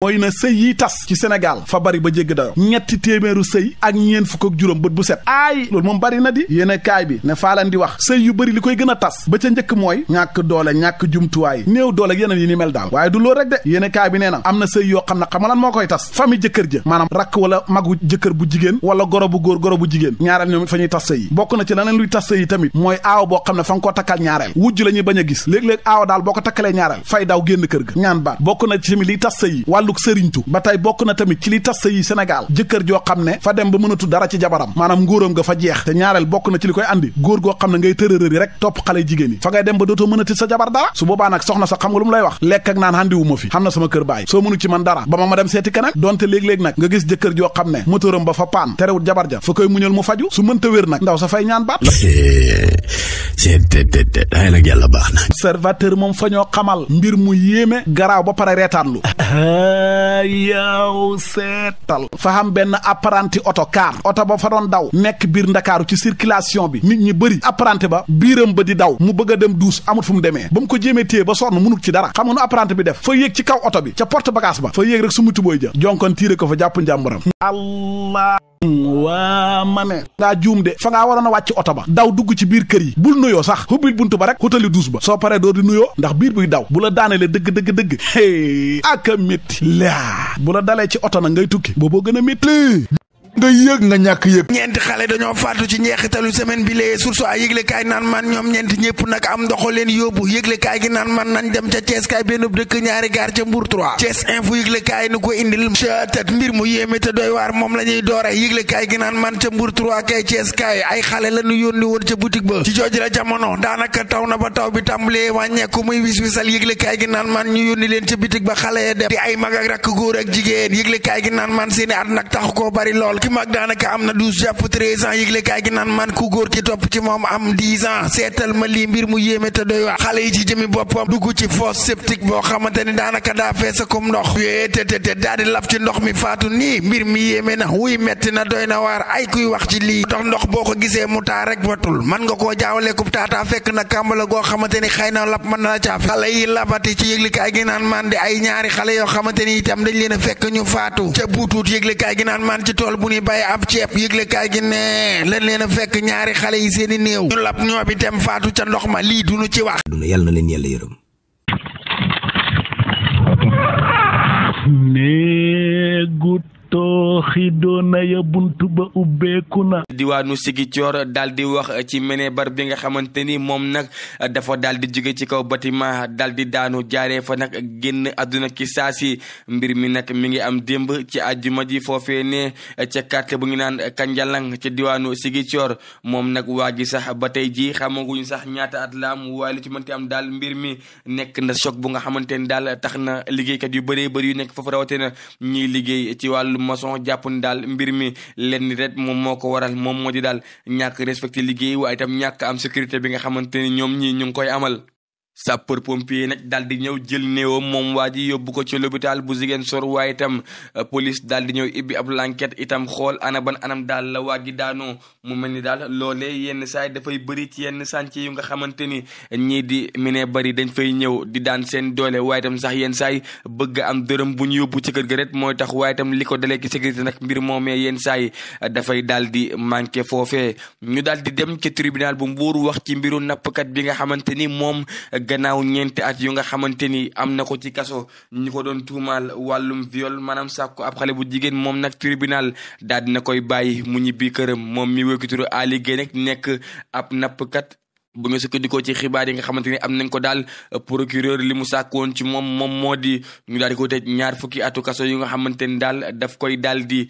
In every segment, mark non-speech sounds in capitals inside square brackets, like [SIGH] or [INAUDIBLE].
mooy na sëy yi tas ci Sénégal fa bari ba jégg dayo ñetti téeméeru sëy ak ñeen fukk ak juróom bët bu set aay loolu moom bari na di yéen kaay bi ne faa faalan di wax sëy yu bëri li koy gën a tas ba ca njëkk mooy ñàkk doole ñàkk jumtuwaay néew doole ak yeneen yi ni mel daal waaye du loolu rek de yéen a kaay bi nee na am na sëy yoo xam ne xam nga lan moo koy tas famille jëkkër ja maanaam rakk wala magu jëkkër bu jigéen wala goro bu góor goro bu jigéen ñaareel ñoom it fa tas sëy yi bokk na ci leneen luy tas sëy yi tamit mooy aaw boo xam ne fa nga koo takkal ñaareel wujj la ñuy a gis léeg-léeg daal boo ko takkalee ñaareel fay daw génn kër ga ñaan baat bokk na ci tamit liy tas sëy yi ànduk sëriñtu ba tey bokk na tamit ci li tas sa yi Sénégal jëkkër joo xam ne fa dem ba mënatu dara ci jabaram maanaam nguuram nga fa jeex te ñaareel bokk na ci li koy andi góor goo xam ne ngay tërërëri rek topp xale jigéen yi fa ngay dem ba dootoo mënati sa jabar dara su boobaa nag soxna sax xam nga lu mu lay wax lekk ak naan handiwu fi xam na sama kër baay soo mënu ci man dara ba ma ma dem seeti keneen donte léeg-léeg nag nga gis jëkkër joo xam ne motoram ba fa paan terewut jabar ja fa koy muñal mu faju su mënta wér seen tëdd ay la yàlla baax na observateur moom fa xamal mbir mu yéeme garaaw ba pare reetaanlu yow seetal fa xam benn apprenti oto car oto ba fa doon daw nekk biir ndakaaru ci circulation bi nit ñi bëri apprenti ba biiram ba di daw mu bëgg a dem duus amut fu mu demee ba mu ko jéemee téye ba sonn munut ci dara xam nga nu bi def fa yéeg ci kaw oto bi ca porte bagage ba fa yéeg rek su mu tubooy ja jonkoon tiire ko fa jàpp njàmburam allah waa ma ne ngaa juum de fa ngaa waroon a wàcc oto ba daw dugg ci biir kër yi bul nuyoo sax xubbil bunt ba rek xóotali duus ba soo paree doo di nuyoo ndax biir buy daw bu la daanelee dëgg dëgg dëgg hey aka métti laa bu la dalee ci oto na ngay tukki booboo gën a métti nga yëg nga ñàkk yëg ñeenti xale dañoo faatu ci njeexitalu semaine bi lee source ay yëglekaay naan man ñoom ñeenti ñëpp nag am ndoxo leen yóbbu yëglekaay gi naan man nañ dem ca Thiès kaay dëkk ñaari gaar ca Mbour 3 Thiès info yëglekaay ni ko mbir mu yéeme te doy waar moom la ñuy doore yëglekaay gi naan man ca Mbour kay Thiès ay xale la ñu yónni woon ca boutique ba ci jooju la jamono daanaka taw na ba taw bi tàmbalee wàññeeku muy wis wisal yëglekaay gi naan man ñu yónni leen ca boutique ba xale ya di ay mag ak rakk góor ak jigéen yëglekaay gi naan man seeni at nag tax koo bari lool Sénégal ki mag daanaka am na douze jàpp treize ans yëgle kaay gi naan man ku góor ki topp ci moom am dix ans seetal ma lii mbir mu yéeme te doy wax xale yi ci jëmi boppam dugg ci fosse septique boo xamante ni daanaka daa fees comme ndox yooyee te te te daa laf ci ndox mi faatu nii mbir mi yéeme na wuy metti na doy na waar ay kuy wax ci lii ndox ndox boo ko gisee mu taa rek watul man nga koo jaawaleekub taataa fekk na kàmb la goo xamante ni xëy na lap mën na la caaf xale yi ci yëgle kaay gi man ay ñaari xale yoo xamante ni itam dañ leen a fekk ñu faatu ca buutuut yëgle kaay gi ci tool bu ni bay ab ceeb yëglekaay gi ne lan leen a fekk ñaari xale yi seeni néew ñu lab ñoo bi dem faatu ca ndox ma lii duñu ci wax yàlla na leen yàlla yërëm doona ya bunt ba ubbeeku na diwaanu Sigicoor daal di wax ci meneebar bi nga xamante ni moom nag dafa dal di jóge ci kaw bâtiment daal di daanu jaaree fa nag génn àdduna ki saasi mbir mi nag mi ngi am démb ci àjjuma ji foofee ne ca quartier bu ngi naan Kanjalang ci diwaanu Sigicoor moom nag waa ji sax ba tey ji xamaguñ sax ñaata at la am waaye lu ci mënti am daal mbir mi nekk na choc bu nga xamante ni daal tax na liggéeykat yu bëree bëri yu nekk foofu ni daal mbir mi lenn rek moom moo ko waral moom moo di daal ñàkk respecté liggéey waaye itam ñàkk am sécurité bi nga xamante ni ñoom ñii ñu ngi koy amal sapeur pompier nag daal di ñëw jël néewam moom waa ji yóbbu ko ci l'hôpital bu Ziguinchor waaye itam euh, police daal di ñëw ibbi ab l'enquête itam xool ana ban anam daal la waa ji daanoo mu mel ni daal loolee yen saay dafay bëri ci yenn chantier yu nga xamante ni ñii di mine bari dañ fay ñëw di daan seen doole waaye itam sax yenn saay bëgg am dërëm bu ñu yóbbu ci kër ga rek mooy tax waaye itam li ko dalee ci sécurité nag mbir moomee yenn saay dafay daal di manqué foofee ñu daal di dem ci tribunal bu Mbuur wax ci mbiru nappkat bi nga xamante ni moom gannaaw ñeenti at yu nga xamante ni am na ko ci kaso ñu ko doon tuumaal wàllum viol maanaam sàkku ab xale bu jigéen moom nag tribunal daal dina koy bàyyi mu ñibbi këram moom mi wékkituru Ali Guèye nag nekk ab nappkat bu ñu sukkandikoo ci xibaar yi nga xamante ni am nañ ko daal procureur li mu sàkkoon ci moom moom moo di ñu daal di ko tëj ñaar fukki atu kaso nga xamante ni daal daf koy daal di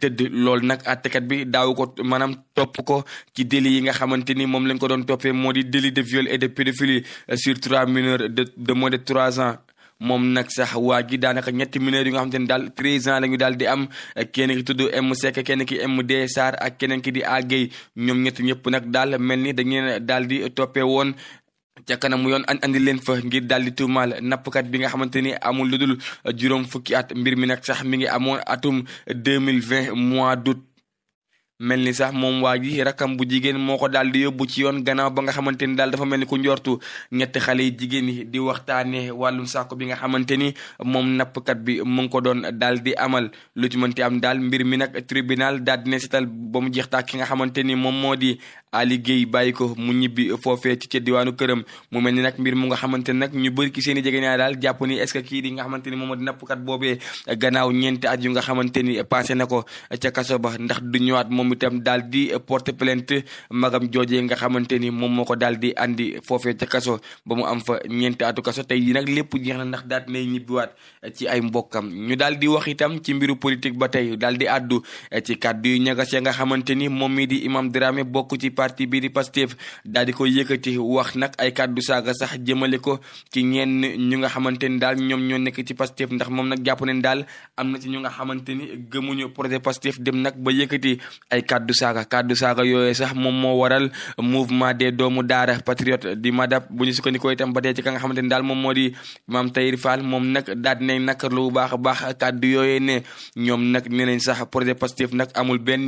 tëdd loolu nag àttekat bi daaw ko maanaam topp ko ci délit yi nga xamante ni moom lañ ko doon toppee moo di délit de viol et de pédophilie sur trois mineurs de de moins trois ans moom nag sax waa ji daanaka ñetti mineurs yi nga xam ne daal tris ans la ñu daal di am kenn ki tudd M Seck kenn ki M D Sarr ak keneen ki di Agey ñoom ñetti ñëpp nag daal mel ni dañu leen daal di toppee woon. ca kanamu yoon an andi leen fa ngir daal di mal nappkat bi nga xamante ni amul lu dul juróom fukki at mbir mi nag sax mi ngi amoon atum deux mille vingt mois d' mel ni sax moom waa ji rakam bu jigéen moo ko daal di yóbbu ci yoon gannaaw ba nga xamante ni daal dafa mel ni ku njortu ñetti xale yi jigéen yi di waxtaanee wàllum saako bi nga xamante ni moom nappkat bi mu ngi ko doon daal di amal lu ci mënti am daal mbir mi nag tribunal daal dina setal ba mu jeex taa ki nga xamante ni moom moo di Aly Gueye bàyyi ko mu ñibbi foofee ci ca diwaanu këram mu mel ni nag mbir mu nga xamante ne nag ñu bëri ci seen i jege naa daal jàpp ni est-ce que kii di nga xamante ni moom a nappkat boobee gannaaw ñeenti at yu nga xamante ni passé na ko ca kaso ba ndax du ñëwaat moom itam daal di nga xamante ni moom moo ko daal di andi foofee ca kaso ba mu am fa ñeenti atu kaso tey yi nag lépp jeex na ndax daal nay ñibbiwaat ci ay mbokkam ñu dal di wax itam ci mbiru politique ba tey dal di àddu ci kàddu yu ñagas nga xamante ni moom mi di imam Dramé bokk ci parti bi di Pastef daal di ko yëkkati wax nag ay kàddu saaga sax jëmale ko ci ñenn ñu nga xamante ni daal ñoom ñoo nekk ci Pastef ndax moom nag jàpp nañ daal am na ci ñu nga xamante ni gëmuñu projet Pastef dem nag ba yëkkati ay kàddu saaga kàddu saaga yooyu sax moom moo waral mouvement de doomu daara patriote di madap bu ñu sukkandikoo itam ba tey ci ka nga xamante ni daal moom moo di maam Tayir Fall moom nag daal dinañ nakarlu bu baax a baax kàddu yooyu ne ñoom nag nee nañ sax projet Pastef nag amul benn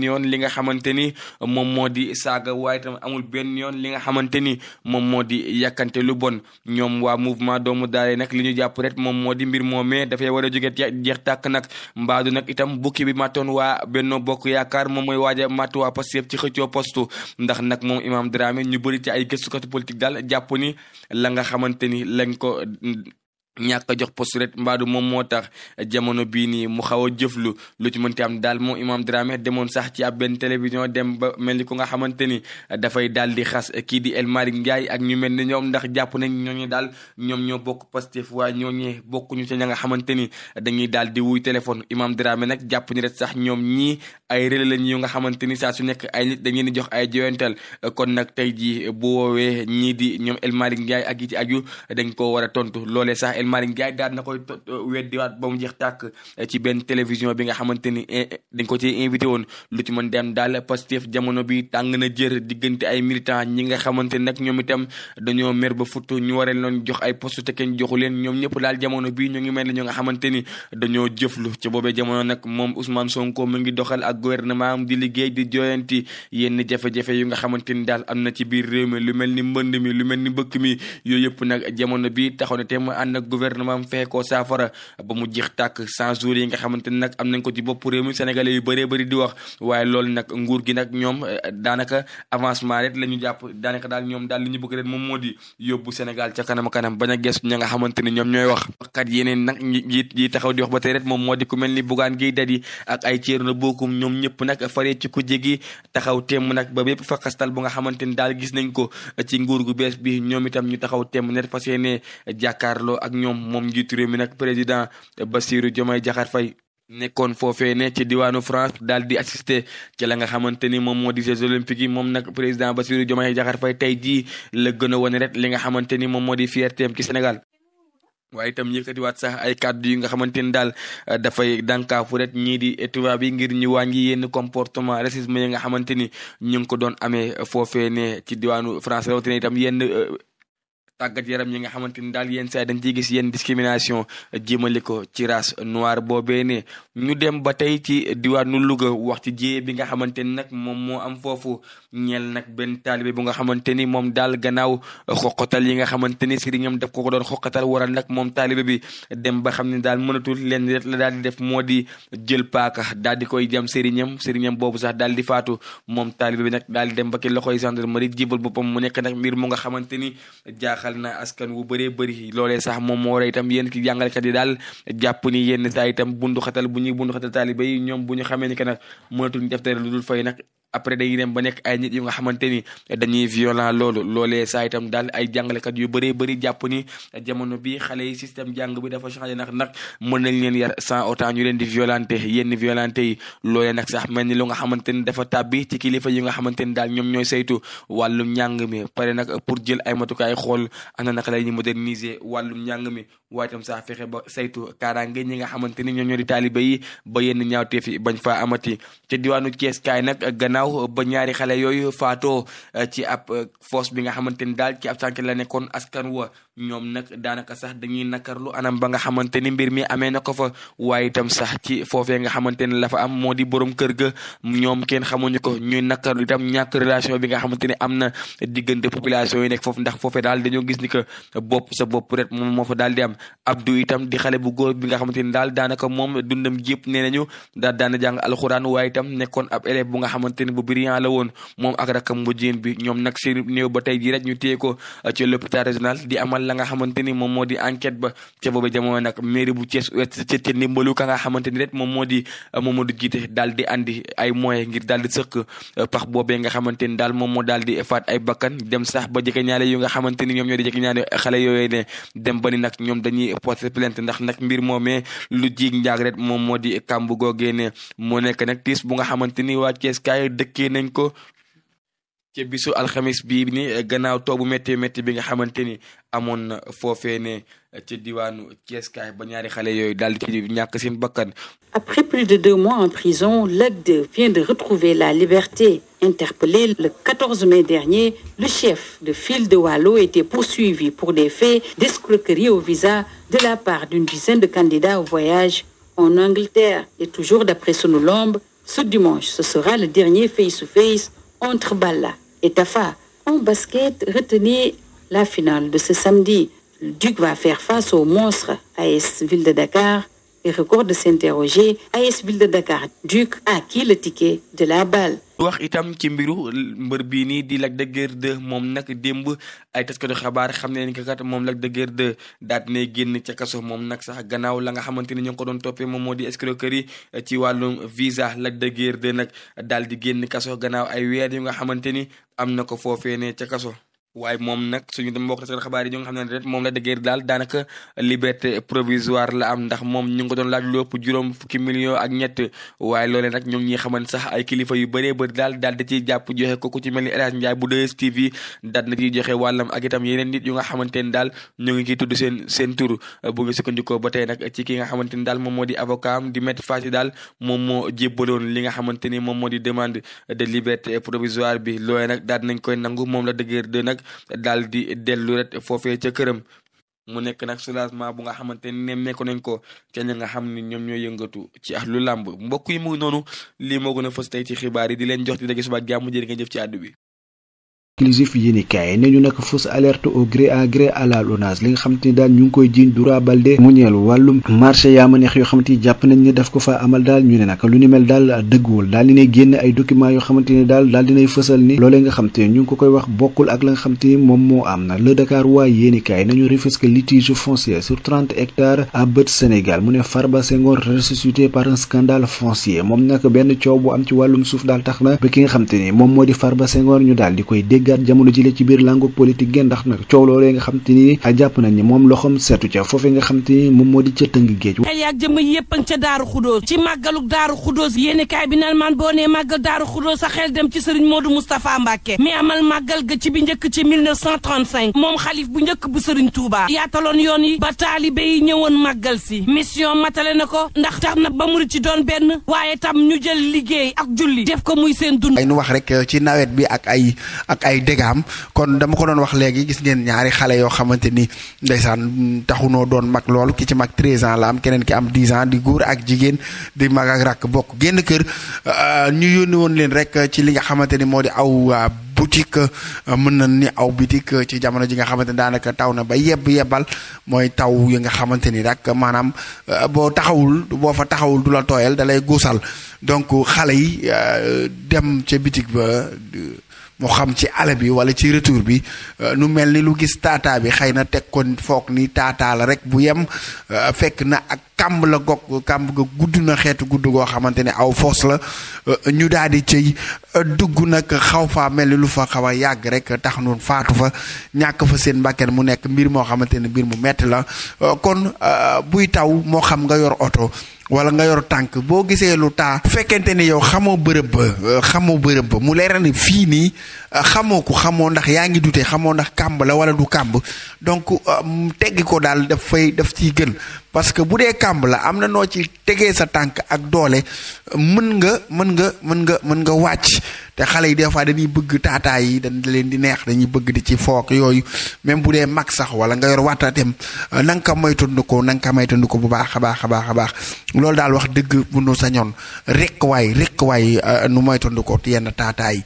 waaye tamit amul benn yoon li nga xamante ni moom moo di yàkkante bon ñoom waa mouvement doomu daara nag li ñu jàpp ret moom moo di mbir moomee dafay war a jóge jeex tàkk nag mbaadu nag itam bukki bi màttoon waa Benno Bokk Yaakaar moom mooy waaj a màtt waa ci xëccoo postu ndax nag moom Imam Dramé ñu bëri ci ay gëstukatu politique daal jàpp ni la nga xamante ni lañ ko ñàkk a jox poste ret mbaadu moom moo tax jamono bii nii mu xaw a jëflu lu ci mënti am daal moom Imam Dramé demoon sax ci ab benn télévision dem ba mel ni ku nga xamante ni dafay daal di xas kii di El Malick ak ñu mel ni ñoom ndax jàpp nañ ñooñu daal ñoom ñoo bokk Pastef waaye ñooñee bokkuñu ci ña nga xamante ni dañuy daal di wuy téléphone Imam Dramé nag jàpp rek sax ñoom ñii ay relais lañ yu nga xamante ni saa su nekk ay nit dañu leen di jox ay joyantal kon nag tey jii bu woowee ñii di ñoom El Malick Ndiaye ak yi ci aju dañ koo war tontu loolee sax El Malick Ndiaye daal na koy weddiwaat ba mu jeex tàkk eh, ci benn télévision bi nga xamante ni eh, eh, dañ ko ci invité woon lu ci mën dem daal Pastef jamono bi tàng na jër diggante ay militants ñi nga xamante ni nag ñoom itam dañoo mer ba futt ñu waree loon jox ay poste te kenn joxu leen ñoom ñëpp daal jamono bi ñu ngi mel ni ñoo nga xamante ni dañoo jëflu ci boobee jamono nag moom Ousmane Sonko mu ngi doxal ak guvernement am di liggéey di jooyanti yenn jafe-jafe yu nga xamante ni daal am na ci biir réew mi lu mel ni mbënd mi lu mel ni mbëkk mi gouvernement am fexe koo saafara ba mu jeex tàkk cent jours yi nga xamante nag am nañ ko ci bopp réew mi sénégalais yu bëree di wax waaye loolu nag nguur gi nag ñoom eh, a gestu ñooy wax kat yeneen taxaw di wax ba tey rek moom moo di ku mel ni Bougane Gueye Dany ak ay Thierno Bocoum ñoom ñëpp nag faree ci ku jégi taxaw temm nag ba bépp fakkastal bu nga xamante daal gis nañ ko ci nguur gu bees bi ñoom itam taxaw temm net fas yéene jàkkaarloo ak ñoom moom njiitu réew mi nag président Bassirou Diomaye Diakhar Faye nekkoon foofee ne ci diwaanu France daal di assisté ci la nga xamante ni moom moo di jeux olympiques yi moom nag président Bassirou Diomaye Diakhar Faye tey jii la gën a wone li nga xamante ni moom moo di fiertéem ci Sénégal waaye itam waat sax ay kàddu yi nga xamante ni dafa dafay dànkaafu rek ñii di tubaab yi ngir ñu wàññi yenn comportement racisme yi nga xamante ni ñu ngi ko doon amee foofee ne ci diwaanu France rawatina itam yenn euh, tàggat yaram ñi nga xamante ni daal yenn saa dañ ciy gis yenn discrimination jëmale ko ci race noire boobee ne ñu dem ba tey ci diwaanu Louga wax ci jiyee bi nga xamante ni moom moo am foofu ñeel nag benn taalibe bu nga xamante ni moom daal gannaaw xoqatal yi nga xamante ni sëriñam daf ko ko doon xoqatal waral nag moom taalibe bi dem ba xam ne daal mënatul leen rek la daal di def moo di jël paaka daal di koy jam sëriñam sëriñam boobu sax daal di faatu moom taalibe bi nag daal di dem ba ki loxoy gendarmerie jibal boppam yàqal na askan wu bëree bëri loolee sax moom moo war itam yéen ki jàngalekat yi daal jàpp ni yenn saa itam bundu xatal bu ñuy bundu xatal taaliba yi ñoom bu ñu xamee ni que nag mënatuñ def lu dul fay nag après day dem ba nekk ay nit yu nga xamante ni dañuy violent loolu loolee saa itam daal ay jàngalekat yu bëree bëri jàpp ni jamono bi xale yi système jàng bi dafa changé nag nag mën nañ leen yar sans autant ñu leen di violenté yenn violenté yi nag sax mel ni lu nga xamante ni dafa tàbbi ci kilifa yu nga xamante ni daal ñoom ñooy saytu wàllum njàng mi pare nag pour jël ay matukaay xool ana naka la ñuy moderniser wàllum njàng mi waaye itam sax fexe ba saytu kaaraange ñi nga xamante ni ñoom ñoo di taalibe yi ba yenn ñaawteef yi bañ fa amati ci diwaanu kaay nag gannaaw ginnaaw eh, ba ñaari xale yooyu faatoo eh, ci ab eh, fosse bi nga xamante ni daal ci ab sànq la nekkoon askan wa ñoom nag daanaka sax dañuy nakarlu anam ba nga xamante ni mbir mi amee na ko fa waaye itam sax ci foofee nga xamante ni la am moo di borom kër ga ñoom kenn xamuñu ko ñuy nakarlu itam ñàkk relation bi nga xamante ni am na diggante population yi nekk foofu ndax foofee daal dañoo gis ni que bopp sa bopp rek moom moo fa daal di am Abdou itam di xale bu góor bi nga xamante ni daal daanaka moom dundam ne bu la woon moom ak rakam bu jigéen bi ñoom nag seen néew ba tey ji rek ñu téye ko euh, ci l'hôpital régional di amal la nga xamante ni moom moo enquête ba ca boobu jamono nag mairie bu Thiès euh, nga xamante ni rek moom moo di euh, moom moo di jiite daal di andi ay moyens ngir faat ay bakkan dem sax ba jege ñaale yu nga xamante ñoom ñoo di ñaale xale yooyu ne dem ñoom dañuy porter plainte ndax nag mbir moomee lu jiig njaag rek moom moo di kàmb googee ne moo nekk nag tiis bu nga xamante ni waa Thiès dëkkee nañ ko ci bisu alxamis bii ni eh, gannaaw taw bu métti métti bi nga xamante ni amoon na foofee ne eh, ci diwaanu ba ñaari xale yooyu dal di ñàkk bakkan. Après plus de deux mois en prison, Lac 2 vient de retrouver la liberté. Interpellé le 14 mai dernier, le chef de file de Wallo était poursuivi pour des faits d'escroquerie au visa de la part d'une dizaine de candidats au voyage en Angleterre. Et toujours d'après Sonolombe, Ce dimanche, ce sera le dernier face-to-face -face entre Balla et Tafa. En basket, retenez la finale de ce samedi. Le Duc va faire face au monstre AS Ville de Dakar et record de s'interroger AS Ville de Dakar, Duc, à le ticket de la balle wax itam ci mbiru mbër bii nii di Lac de Guiers 2 moom nag démb ay taskatu xabaar xam ne ni ko kat moom Lac de Guiers daat ne génn ca kaso moom nag sax gannaaw la nga xamante ni ñoo ngi ko doon toppee moom moo di escroquerie ci wàllum visa Lac de Guiers 2 nag daal di génn kaso ganaaw ay weer yu nga xamante ni am na ko foofee ne ca kaso waaye moom nag suñu dem mbokk taskatu xabaar yi ñu nga xam ne moom la dëggeer daal daanaka liberté provisoire la am ndax moom ñu ngi ko doon laaj lu juróom fukki million ak ñett waaye loolee nag ñoom ñi xaman sax ay kilifa yu bëree bëri daal daal da ciy jàpp joxe ko ku ci mel ni El Hadj Ndiaye bu 2STV daal na ciy joxe wàllam ak itam yeneen nit yu nga xamante ni daal ñu ngi ciy tudd seen seen tur ba tey nag ci ki nga xamante ni daal moom moo di avocat di Maître Faty daal moom moo jébbaloon li nga xamante ni moom moo di demande de liberté provisoire bi loolee nag daal nañ koy nangu moom la dëggeer de nag nag daal di dellu rek foofee ca këram mu nekk nag soulagement bu nga xamante ni nemmeeku nañ ko ca ña xam ni ñoom ñooy yëngatu ci ahlu làmb mbokk yi mu noonu lii moo a fës tey ci xibaar yi di leen jox di dagge suba jàmm jëri nga jëf ci àddu bi exclusif yéeni kaay nañu nag fausse alerte au gré à gré à li nga xamante daal ñu ngi koy jiiñ Doura Baldé mu ñeel wàllum marché yaa ma neex jàpp nañ ne daf ko fa amal daal ñu ne nag lu ni mel daal dëgguwul daal dinay génn ay documents yoo xamante ni daal daal dinay fësal ni loolee nga xamante ni ñu ngi ko koy wax bokkul ak la nga xamante moom moo am na le Dakar waay yéeni kaay nañu Rufisque litige foncier sur 30 hectares à bët Sénégal mu ne Farba Senghor moom nag benn coow bu am ci suuf daal tax na ba ki nga xamante ni moom moo di Farba Senghor ñu daal di koy dégg déggaat jamono jile ci biir langue politique gi ndax nag coow loolee nga xam te ni jàpp nañ ne moom loxoom seetu ca foofee nga xam te ni moom moo di ca tëng géej yaag jëma yëpp a ngi ca daaru xudóos ci màggaluk daaru xudóos yéeni bi naan man boo nee màggal daaru xudóos sa xel dem ci sëriñ Modou Moustapha Mbacke mi amal màggal ga ci bi njëkk ci moom xalif bu njëkk bu sëriñ Touba yaataloon yoon yi ba taalibe yi ñëwoon màggal si mission matale na ko ndax tax na ba murit ci doon benn waaye tam ñu jël liggéey ak julli def ko muy seen dund ay nu wax ci nawet bi ay dégaam kon dama ko doon wax léegi gis ngeen ñaari xale yoo xamante ni ndeysaan taxunoo doon mag lool ki ci mag 13 ans la am keneen ki am 10 ans di góor ak jigéen di mag ak rakk bokk génn kër euh, ñu yónni woon leen rek ci li nga xamante ni moo di aw euh, boutique euh, mën na ni aw boutique ci jamono ji nga xamante ni daanaka taw na ba yebb yebal mooy taw yi nga xamante ni rek maanaam boo taxawul boo fa taxawul du la tooyal dalay lay guusal donc xale yi dem ca boutique ba moo xam ci ale bi wala ci retour bi euh, nu mel ni lu gis taataa bi xëy na teg ko foog ni taataa la rek bu yem euh, fekk na ak kàmb la gog kàmb ga gudd na xeetu gudd goo xamante ne aw foos la euh, ñu daal di cëy dugg nag xaw faa mel ni lu fa xaw a yàgg rek tax noonu faatu fa ñàkk fa seen mbàkken mu nekk mbir moo xamante ne mbir mu metti la kon buy taw moo xam nga yor oto wala nga yor tànk boo gisee lu taa fekkente ne yow xamoo bërëb ba euh, xamoo bërëb ba mu leer na fii nii Euh, xamoo ko xamoo ndax yaa ngi dute xamoo ndax kàmb la wala du kàmb donc euh, teggi ko daal daf fay daf ciy gën parce que bu dee kàmb la am na noo ci tegee sa tànk ak doole mën nga mën nga mën nga mën nga wàcc te xale yi des fois dañuy bëgg taataay yi dañ leen di neex dañuy bëgg di ci fook yooyu même bu dee mag sax wala nga yor wattatem euh, na nga ko moytandu ko na nga ko ko bu baax a baax a baax a baax loolu daal wax dëgg bu nu sañoon rek waay rek waay nu moytandu ko yenn taataay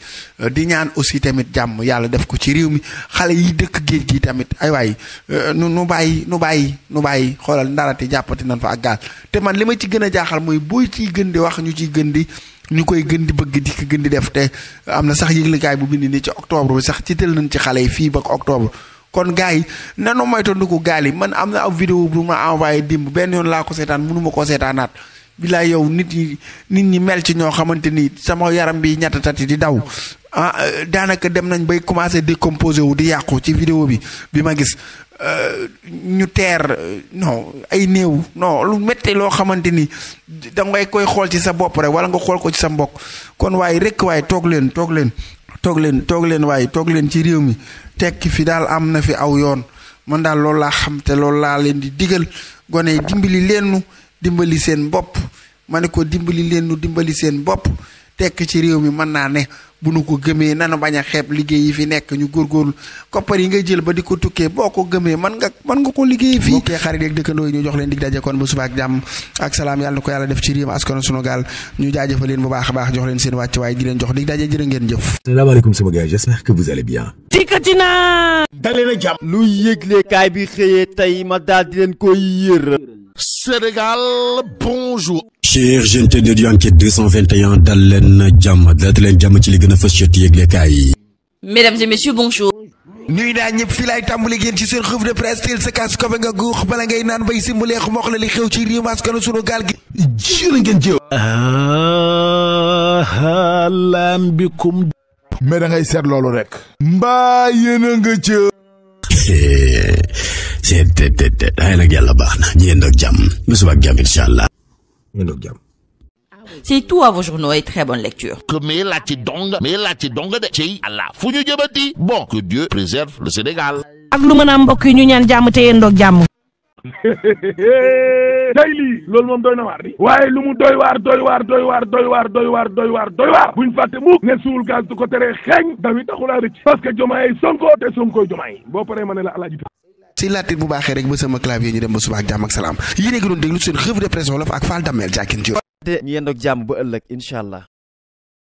aussi tamit jàmm yàlla def ko ci réew mi xale yi dëkk géej gi tamit ay waay euh, nu nu bàyyi nu bàyyi nu bàyyi xoolal te jàppati nan fa ak gaal te man li ma ci gën a jaaxal mooy booy ciy gën di wax ñu ciy gën di ñu koy gën di bëgg di ko gën di def te am na sax yëglekaay bu bind ni ci octobre bi sax ci tël nañ ci xale yi fii ba octobre kon gars yi nanu moytandiku gaal yi man am na am vidéo bu ma envoyé dimb benn yoon laa ko seetaan mënuma koo seetaanaat bilaay yow nit ñi nit ñi mel ci ñoo xamante ni sama yaram bi ñettatati di daw ah euh, daanaka dem nañ bay commencé décomposé wu di yàqu ci vidéo bi bi ma gis euh, ñu teer euh, no ay néew non lu métti loo xamante ni da ngay koy xool ci sa bopp rek wala nga xool ko ci sa mbokk kon waaye rek waaye toog leen toog leen toog leen toog leen waaye toog leen ci réew mi tekki fi daal am na fi aw yoon man daal loolu laa xam te loolu laa leen di digal gone yi dimbali leen nu dimbali seen bopp ma ne ko dimbali leen nu dimbali seen bopp. tekk ci réew mi mën naa ne bu nu ko gëmee nanu bañ a xeeb liggéey yi fi nekk ñu góor góor koppar yi nga jël ba di ko tukkee boo ko gëmee man nga mën nga ko liggéey fii bokkee xarit yeeg dëkkandoo yi ñu jox leen dig daje kon bu suba ak jàmm ak salaam yàlla na ko yàlla def ci réew askan sunu gaal ñu jaajëfal leen bu baax a baax jox leen seen wàcc waaye di leen jox dig daje jërë ngeen jëf salaamaaleykum sama gars j'espère que vous allez bien dikkati naa dalee na jàmm lu yëglekaay bi tey ma daal di leen koy yër Sénégal bonjour cher gente de du enquête 221 dal leen jàmm dal leen jàmm ci li gën a fa ci yëglekaay yi. Mesdames et messieurs, bonjour. nuy naa ñëpp fi laay tàmbali génn ci seen revue de presse teel sa kaas kofe nga guux bala ngay naan bay simbuleex moox la li xew ci réew maskanu sunu gaal gi jërë ngeen jëw ahlan bikum mais da ngay seet loolu rek mbaa yéen a nga ca seet te baax na ñeen ak jàmm ba suba ak jàmm incha allah ñu ndoog jàmm c'est tout à vos journaux et très bonne lecture. que mais la ci dong mais la ci dong de ci Allah fu ñu jëbati bon que Dieu préserve le Sénégal ak lu mën a mbokk yi ñu ñaan jàmm te yéen ndoog jàmm day [LAUGHS] lii loolu moom doy na waar di waaye lu mu doy waar doy waar doy waar doy waar doy waar doy waar doy waar buñ fàtte mukk ne suul gaz du ko tere xeeñ dawi taxulaa rëcc parce que jomaay Sonko te Sonko jomaay boo paree ma ne la alaaji si laatit bu baaxee rek ba sama clavier ñu dem ba suba ak salaam yéen a ngi doon déglu seen revue de presse wolof ak Fall Damel jàkkin ci ñu yendoog jàmm ba ëllëg incha allah